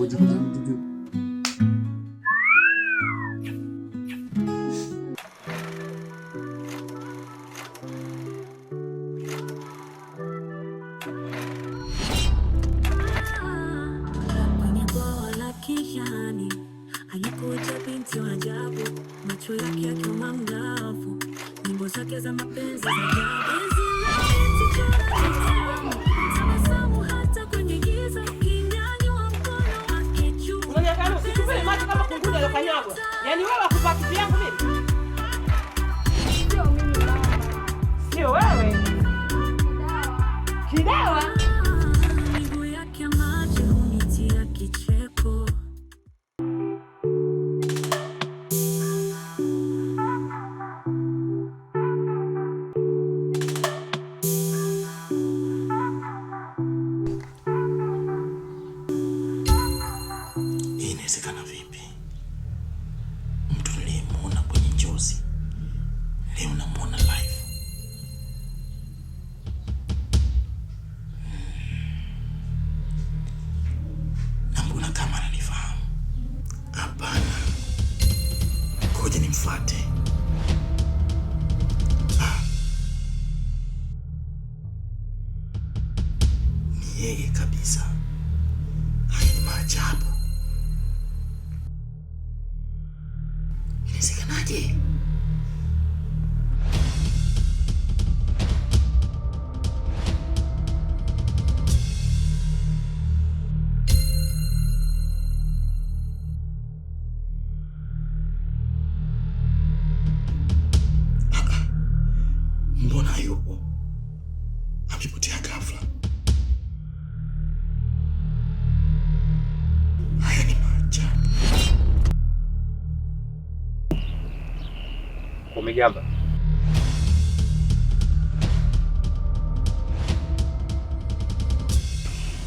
vücuttan gücü. yeye kabisa. Haya ni maajabu.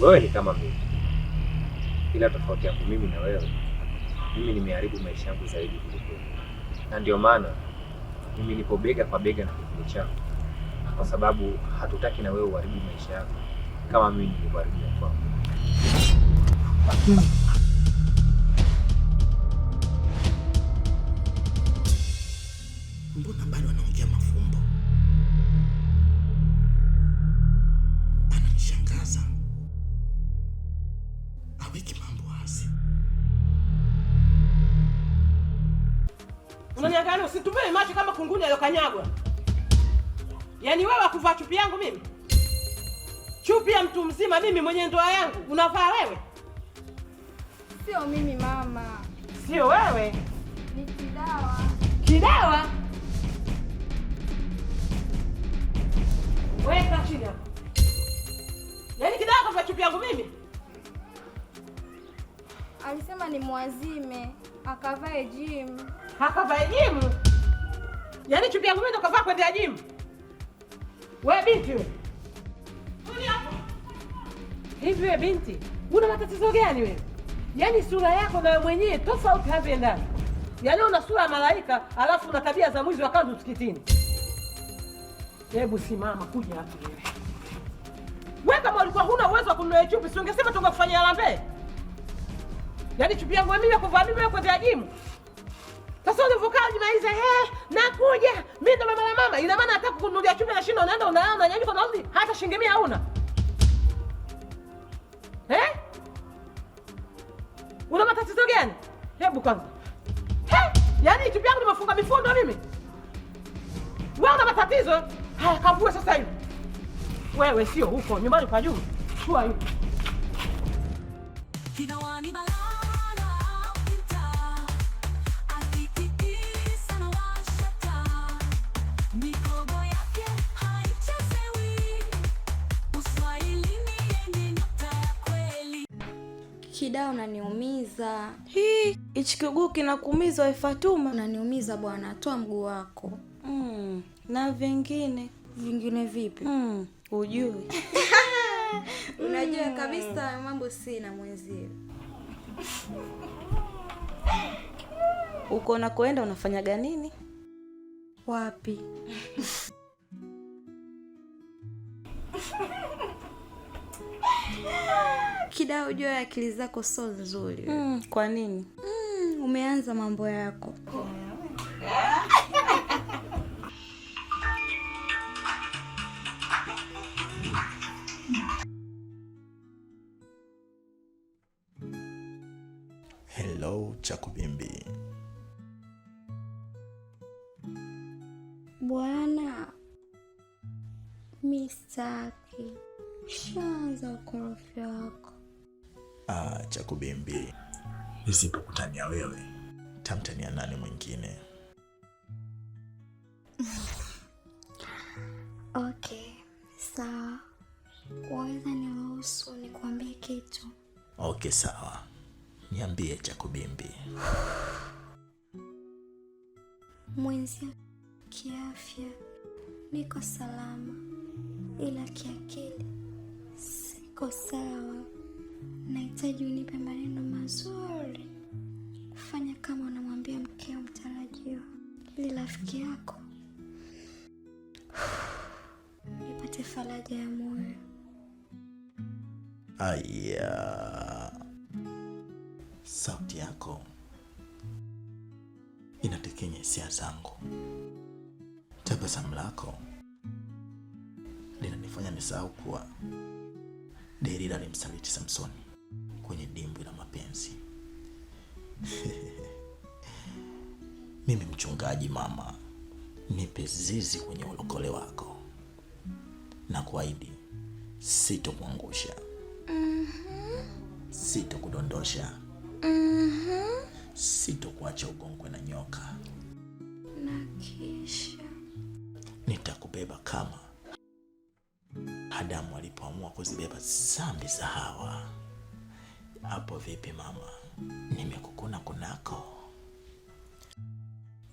Wewe ni kama mimi, ila tofauti yangu mimi na wewe, mimi nimeharibu maisha yangu zaidi kuliko na ndio maana mimi nipo bega kwa bega na kikundi chako, kwa sababu hatutaki na wewe uharibu maisha yako kama mimi nilivyoharibu kwangu. macho kama kunguni alokanyagwa. Yaani wewe wakuvaa chupi yangu mimi, chupi ya mtu mzima mimi mwenye ndoa yangu unavaa wewe? Sio mimi mama, sio wewe, ni Kidawa. Kidawa, weka chini hapo. Yaani Kidawa kwa chupi yangu mimi? Alisema ni mwazime akavae jimu, akavae jimu Yaani chupi yangu mimi ndo kavaa kwenda gym. Wewe binti wewe. hapo. Hivi wewe binti, una matatizo gani wewe? Yaani sura yako na wewe mwenyewe tofauti hapo ndani. Yaani una sura ya malaika, alafu una tabia za mwizi wa kanzu msikitini. Hebu simama kuja hapo wewe. Wewe kama ulikuwa huna uwezo wa kununua chupi, si ungesema tungekufanyia lambe? Yaani chupi yangu mimi ya kuvaa mimi kwenda gym. Sasa ulivokaa unajimaliza, eh, nakuja. Mimi ndo mama la mama. Ina maana hata kukunulia chupa na shindo unaenda unaona unanyanyuka yaani unarudi hata shilingi 100 hauna. Eh? Una matatizo gani? Hebu kwanza. Eh, yani chupi yangu nimefunga mifundo mimi. Wewe una matatizo? Haya kavue sasa hivi. Wewe sio huko nyumbani kwa juu. Chua hivi Kinawani bala Kida, unaniumiza. Hii hichi kiguu kinakuumiza Fatuma? Unaniumiza bwana, toa mguu wako. Mm, na vingine vingine vipi? Mm, ujui unajua mm. kabisa mambo sina mwenzio. Uko unakoenda unafanyaga nini? Wapi? Kida, ya akili zako so nzuri. Mm, kwa nini? Mm, umeanza mambo yako Hello Chakubimbi. Bwana mistaki shaanza ukorofi wako cha kubimbi. Nisipokutania wewe, tamtania nani mwingine? Okay, sawa. Waweza niruhusu nikuambie kitu? Okay, sawa. Niambie cha kubimbi. Mwenzi, kiafya niko salama, ila kiakili siko sawa nahitaji unipe maneno mazuri kufanya kama unamwambia mkeo mtarajio, ili rafiki yako ipate faraja ya moyo. Aya, sauti yako inatekenya hisia zangu. Tabasamu lako linanifanya nisahau kuwa Delila alimsaliti Samsoni kwenye dimbwi la mapenzi. Mimi mchungaji mama, nipe zizi kwenye ulokole wako na kuahidi sitokuangusha, mm -hmm. Sitokudondosha, mm -hmm. Sitokuacha ugongwe na nyoka na kisha nitakubeba kama Adamu alipoamua kuzibeba zambi za Hawa. Hapo vipi mama, nimekukuna kunako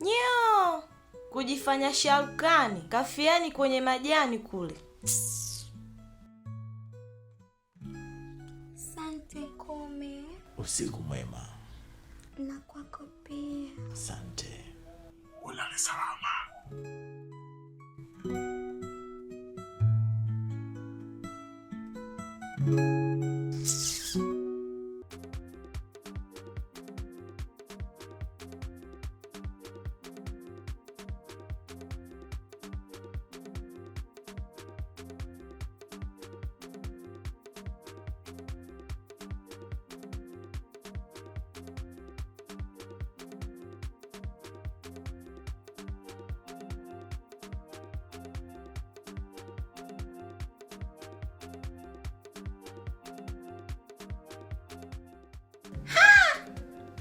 nyo kujifanya shaukani kafiani kwenye majani kule. Sante kome, usiku mwema na kwako pia. Sante, ulale salama. Thank you.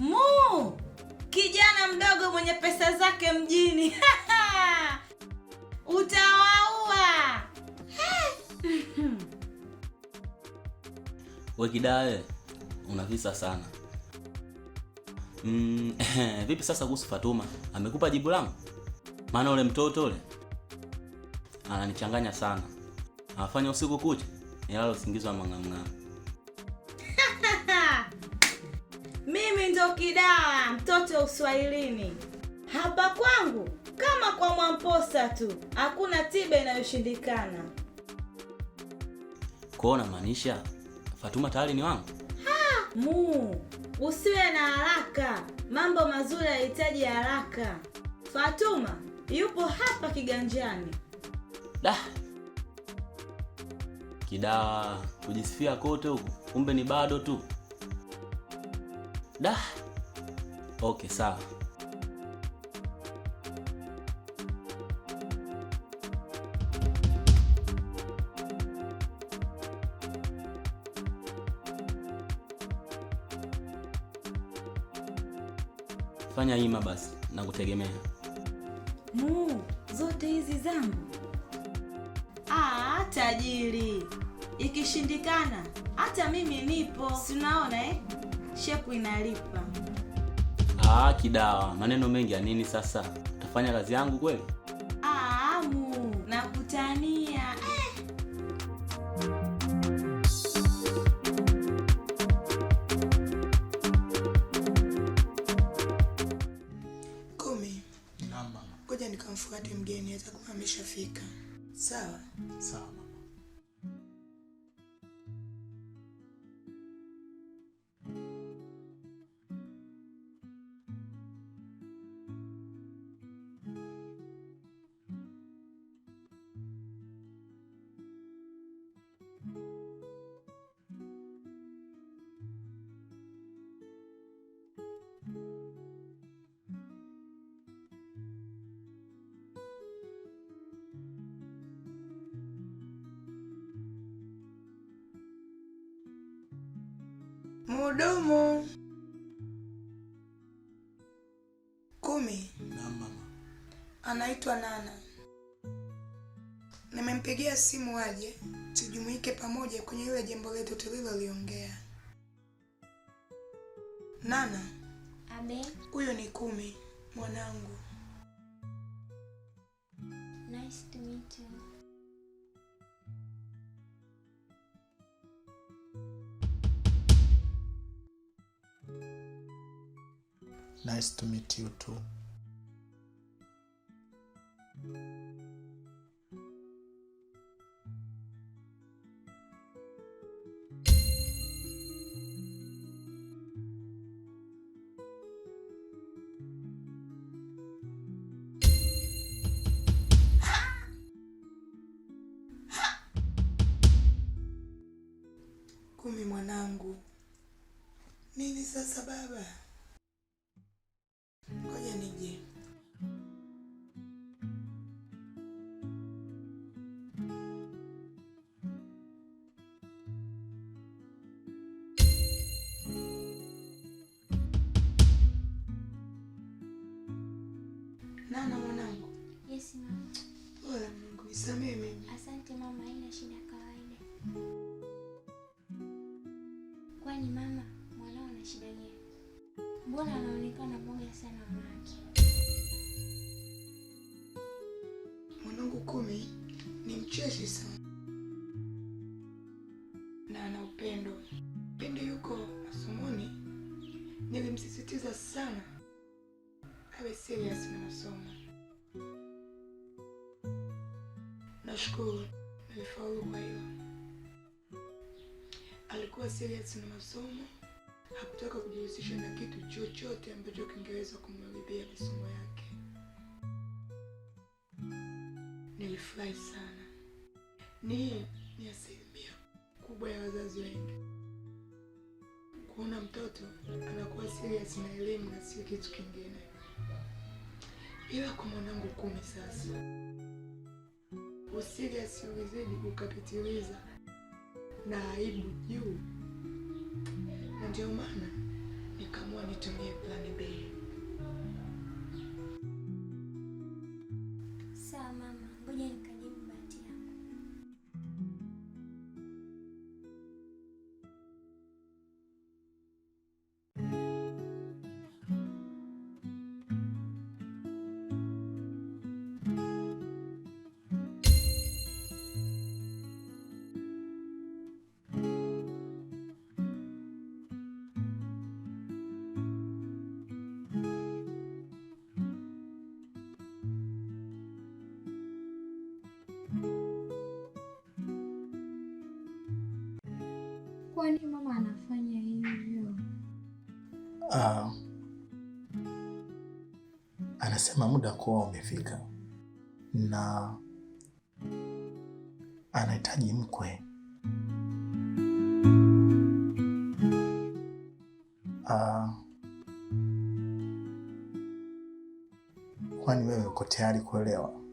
Mu, kijana mdogo mwenye pesa zake mjini utawaua. Wekidae, unavisa sana. Mm, vipi sasa kuhusu Fatuma? Amekupa jibu langu? Maana ule mtoto ule ananichanganya sana, anafanya usiku kucha nilala singizwa wa ni mtoto uswahilini. Hapa kwangu kama kwa Mwamposa tu, hakuna tiba inayoshindikana. Kwao namaanisha Fatuma tayari ni wangu. Ha, mu usiwe na haraka, mambo mazuri yanahitaji haraka. Fatuma yupo hapa kiganjani. Da Kidawa, kujisifia kote huku, kumbe ni bado tu. Da ok sawa. Fanya ima basi, kutegemea Mu, zote hizi zangu. Ah, tajiri. Ikishindikana hata mimi nipo, sinaona eh? Shepu inalipa. Ah, Kidawa, maneno mengi ya nini sasa? Utafanya kazi yangu kweli? Ah, Amu, nakutania. Kumi. Ngoja nikamfuate mgeni, atakuwa ameshafika. Sawa? Sawa. Mhudumu kumi. Naam mama. Anaitwa Nana, nimempigia simu aje tujumuike pamoja kwenye ile jambo letu tuliloliongea. Nana, huyo ni Kumi mwanangu. Nice to meet you. Nice to meet you too. Ano Nashukuru nimefaulu. Kwa hiyo alikuwa serious na masomo, hakutaka kujihusisha na kitu chochote ambacho kingeweza kumharibia masomo yake. Nilifurahi sana. Ni ni asilimia kubwa ya wazazi wengi kuona mtoto anakuwa serious na elimu na sio kitu kingine, ila kwa mwanangu kumi sasa usije asiozidi kukapitiliza na aibu juu, na ndio maana nikaamua nitumie plani B. Sawa mama. kwa nini mama anafanya hivyo? Ah, anasema muda kuwa umefika na anahitaji mkwe. Ah. kwani wewe uko tayari kuelewa?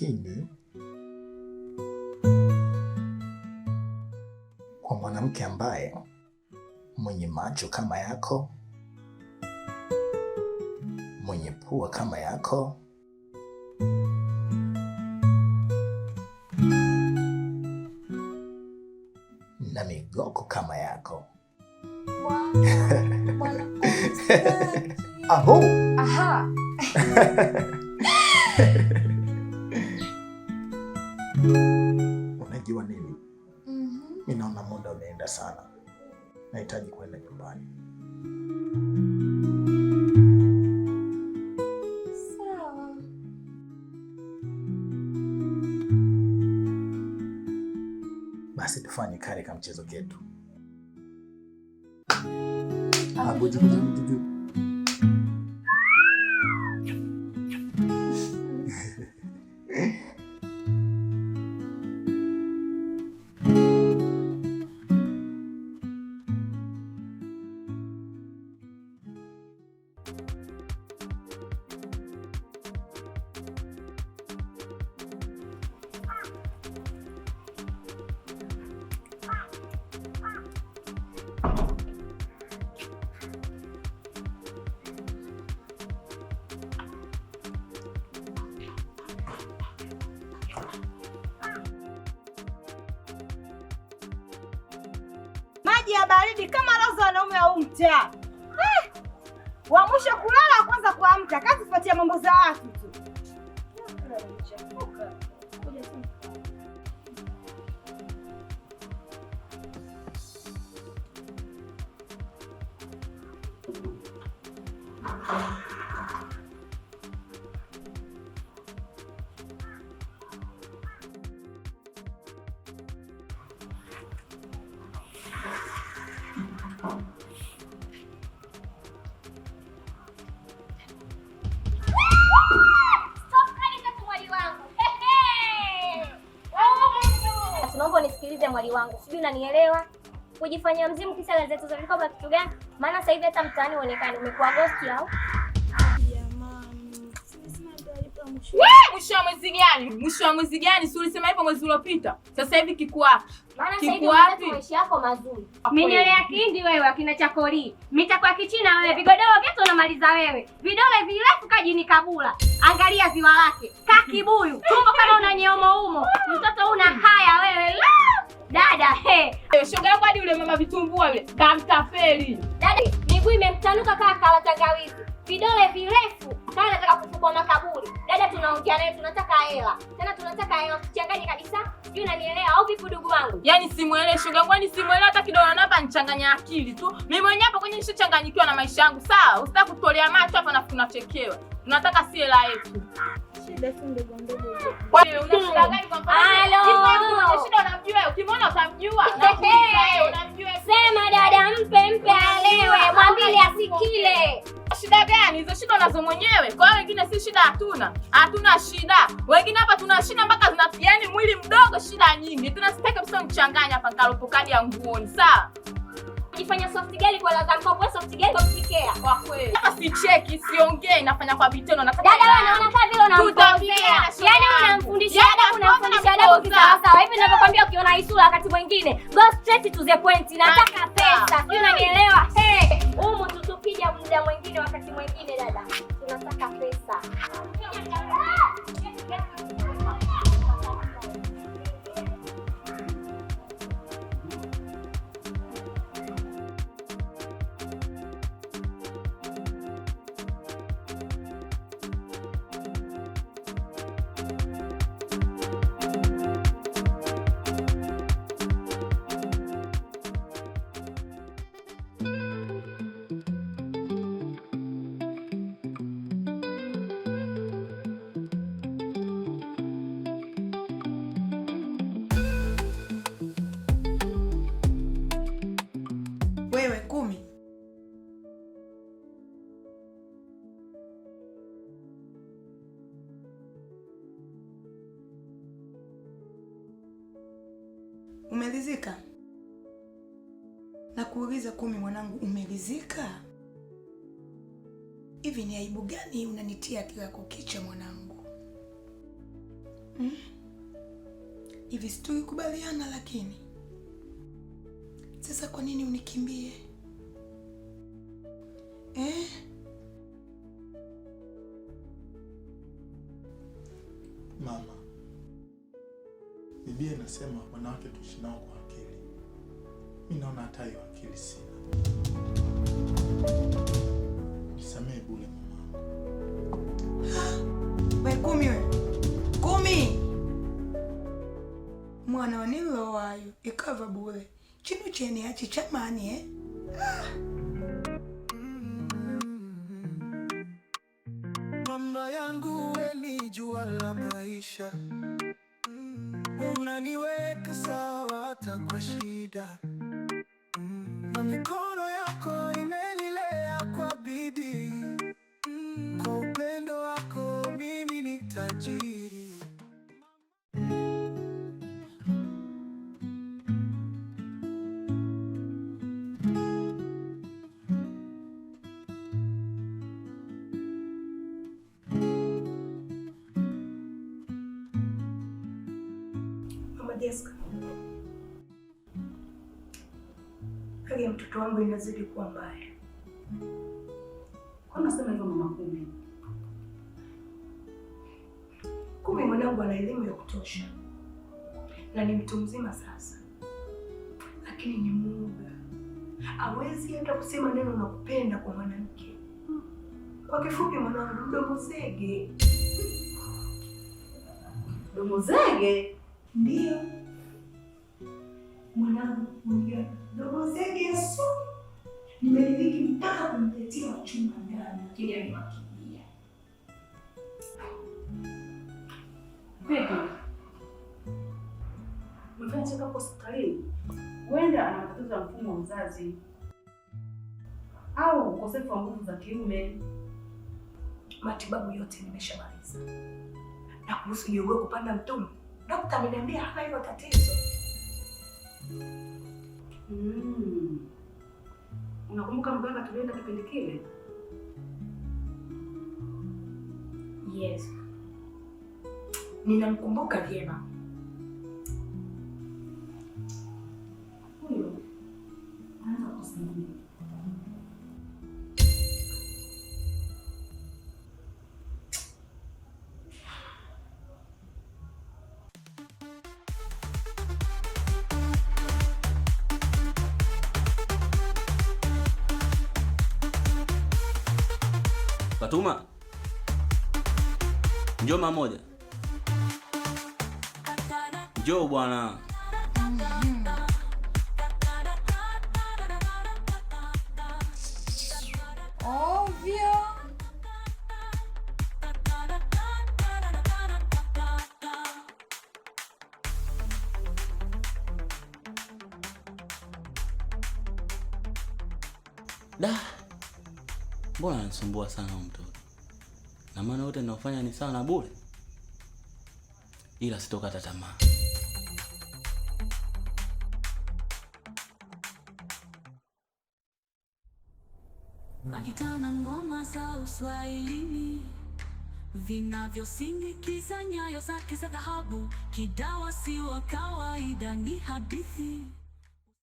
lakini kwa mwanamke ambaye mwenye macho kama yako, mwenye pua kama yako, na migoko kama yako. Wow. Aho. Aha. Unajua nini? mm -hmm. naona muda umeenda sana, nahitaji kwenda nyumbani. Basi tufanye kari ka mchezo ketu. maji ya baridi kama lozo wanaume wa mtaa eh, wa mwisho kulala kwanza kuamka, kazi fuatia mambo za watu tu. naomba unisikilize mwali wangu, sijui unanielewa. Kujifanyia mzimu kisha gazeti zote vikoba kitu gani? Maana sasa hivi hata mtaani uonekani, umekuwa ghost au mwisho wa mwezi gani? Mwisho wa mwezi gani? Si ulisema hivyo mwezi uliopita. Sasa hivi kiko wapi? Maana sasa hivi maisha yako mazuri. Minywele ya kindi wewe, akina chakori, mitakuwa kichina wewe, vigodoro vyetu unamaliza wewe, vidole virefu kajini kabula, angalia ziwa lake kakibuyu, tumbo kama unanyeumo humo. mtoto una haya wewe dada. He, eh, shoga yako hadi ule mama vitumbua yule kamtafeli dada, miguu imemtanuka kama kala tangawizi vidole virefu kana nataka kufukwa makaburi. Dada tunaongea naye, tunataka hela tena, tunataka hela tuchanganye kabisa, sijui unanielewa au vipi ndugu wangu? Yaani simuelewe shoga, kwani simuelewe hata kidogo. Hapa nichanganya akili tu mimi mwenyewe, hapa kwenye nishachanganyikiwa na maisha yangu. Sawa, usitaki kutolea macho hapa na kunachekewa Nataka si hela yetu. Shida Sema dada, mpe mpe alewe, asikile. Shida gani hizo? Shida unazo mwenyewe. Kwa hiyo wengine si shida, hatuna hatuna shida. Wengine hapa tuna shida mpaka zina, yani mwili mdogo, shida nyingi. Tunasitaki mchanganya hapa, kalopokadi ya nguoni, sawa? Kifanya soft girl kwa ladha kwa kwa soft girl kukikea kwa kweli. Kama sicheki, siongee, inafanya kwa vitendo nataka. Dada wewe unaona kama vile unamkosea. Yaani, yaani unamfundisha adabu yaani unamfundisha adabu yaani kisawa sawa. Hivi ninavyokuambia ukiona Isura wakati mwingine, go straight to the point. Nataka pesa. Sio unanielewa? Eh, umu tutupija muda mwingine wakati mwingine dada. Tunataka pesa. Umemalizika? Hivi ni aibu gani unanitia kila kukicha mwanangu? Hmm? Hivi si tulikubaliana lakini. Sasa kwa nini unikimbie? Eh? Mama, Biblia inasema wanawake tuishi nao kwa akili. Mimi naona hata hiyo akili sina. unisamehe bure mamangu. We kumi, we kumi, mwana wa nililowayo ikava bule chinu chene hachi chamani eh? Ah! inazidi kuwa mbaya. Kwa nasema hivyo mama Kumi, Kumi mwanangu ana elimu ya kutosha na ni mtu mzima sasa, lakini ni muga, hawezi hata kusema neno na kupenda kwa mwanamke. Kwa kifupi, mwanangu mdomo zege. Mdomo zege? Ndio mwanangu, mdomo zege su nimeridhiki mpaka kumletea wachumba ndani, lakini amewakimbia. kwa hospitalini, huenda anapoteza mfumo wa uzazi au ukosefu wa nguvu za kiume. Matibabu yote nimeshamaliza, na kuhusu jogoo kupanda mtumi, daktari ameniambia hana hilo tatizo. Mm. Unakumbuka mganga tulienda kipindi kile? Yes, ninamkumbuka vyema. Huyo anaweza kusaidia Fatuma, njoo mara moja, Dah. Mbona anasumbua sana mtoto? Na maana yote ninaofanya ni sawa na bure, ila sitokata tamaa. Akitana ngoma za uswahilini vinavyosindikiza nyayo zake za dhahabu, kidawa si wa kawaida, ni hadithi